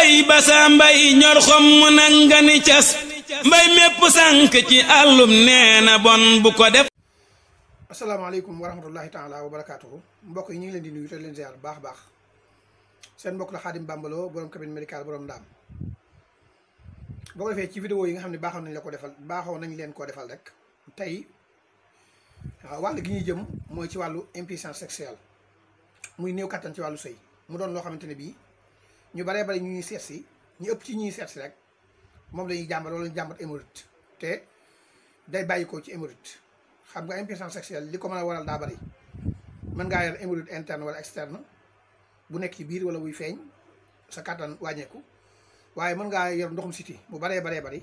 mbay basa mbay ñor xom mu nanga mbay mépp sànk ci àllum nee na bon bu ko def asalaamaaleykum wa rahmatullahi taala wa yi ñu ngi leen di nuyu te leen ziar bu baax baax seen mbokk la xaadim bàmbaloo borom cabinet médical boo ko defee ci vidéo yi nga xam ne baaxoon nañ la ko defal baaxoo nañ leen ko defal rek tey wàll gi ñuy jëm mooy ci wàllu impuissance sexuelle muy néew kattan ci wàllu sëy mu doon loo xamante ne bii ñu baree bari ñu ñuy seet si ñu ëpp ci ñuy seet si rek moom la ñuy jàmbat ñu jàmbat hémorroïde te day bàyyi ko ci hémorroïde xam nga impuissance sexuelle li ko mën a waral daa bari mën ngaa yor hémorroïde interne wala externe bu nekki biir wala wuy feeñ sa kattan wàññeeku waaye mën ngaa yor ndoxum siti bu baree baree bari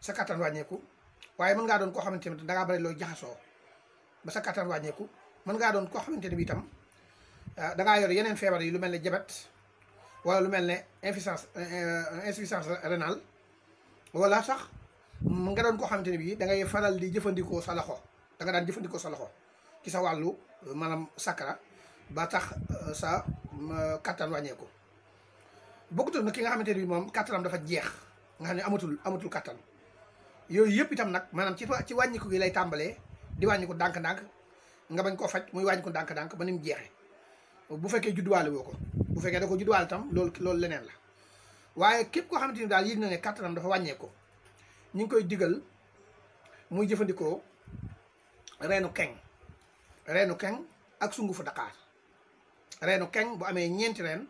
sa kattan wàññeeku waaye mën ngaa doon koo xamante ne dangaa bari looy jaxasoo ba sa kattan wàññeeku mën ngaa doon koo xamante ne bi itam ah, dangaa yor yeneen feebar yi lu mel ne jabet wala lu mel ne insuffisance euh, euh, insuffisance rénale wala sax nga doon koo xamante ni bii da ngay faral di jëfandikoo sa loxo danga daan jëfandikoo sa loxo ci sa wàllu euh, maanaam sakara ba tax sa kattan wàññeeku bokkutul na ki nga xamante ne moom kattanam dafa jeex nga xam ne amatul amatul kattan yooyu yëpp itam nag maanaam ci ci wàññiku gi lay tàmbalee di wàññiku dànk ndànk nga bañ koo faj muy wàññiku ndànk dànk ba nu mu jeexee. bu fekkee judduwaale woo ko bu fekkee da ko judduwaale tam loolu loolu leneen la waaye képp koo xamante ni daal yëg na ne kàttanam dafa wàññeeku ñu koy digal muy jëfandikoo reenu keng reenu keng ak sungufu daqaar reenu keng bu amee ñeenti reen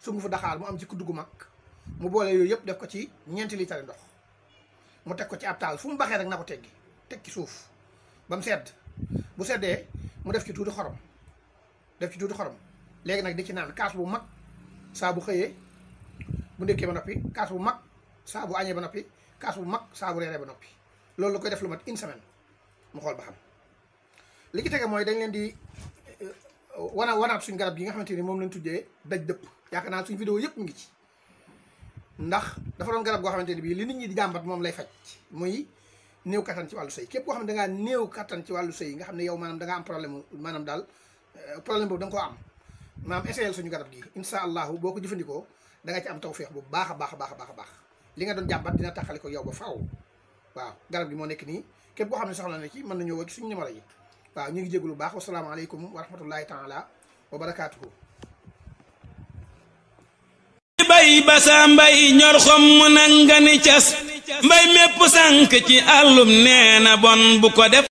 sungufu daqaar mu am ci kuddu gu mag mu boole yooyu yëpp def ko ci ñeenti litre ndox mu teg ko ci ab taal fu mu baxee rek na ko teggi teg ci suuf ba mu sedd bu seddee mu def ci tuuti xorom def ci tuuti xorom léegi nag di ci naan kaas bu mag saa bu xëyee bu ndékkee ba noppi kaas bu mag saa bu añee ba noppi kaas bu mag saa bu reeree ba noppi loolu la koy def lu mat une semaine mu xool ba xam li ci tege mooy dañ leen di eh, wana wanaat suñ garab gi nga xamante ni moom lañ tuddee daj dëpp yaakaar naa suñ vidéo yëpp mu ngi ci ndax dafa doon garab goo xamante ni bii li nit ñi di jàmbat moom lay faj muy néew kattan ci wàllu sëy képp koo xam ne dangaa néew kattan ci wàllu sëy nga xam ne yow maanaam dangaa am problème maanaam daal Euh, problème boobu da koo am maam essayel garab gi insha boo ko jëfandikoo da nga ci am tawféex bu baax a baax a baax baax li nga doon jàmbat dina taxali ko yow ba faaw waaw garab gi moo nekk nii képp koo ne soxla na ci mën nañoo woo ci suñu numéro yi waaw ngi jégalu bu baax wasalaamaaleykum wa rahmatullahi taala wa barakaatuhu bay basa mbay ñor xom mu nangani cas mbay mépp sànk ci àllum nee bon bu ko def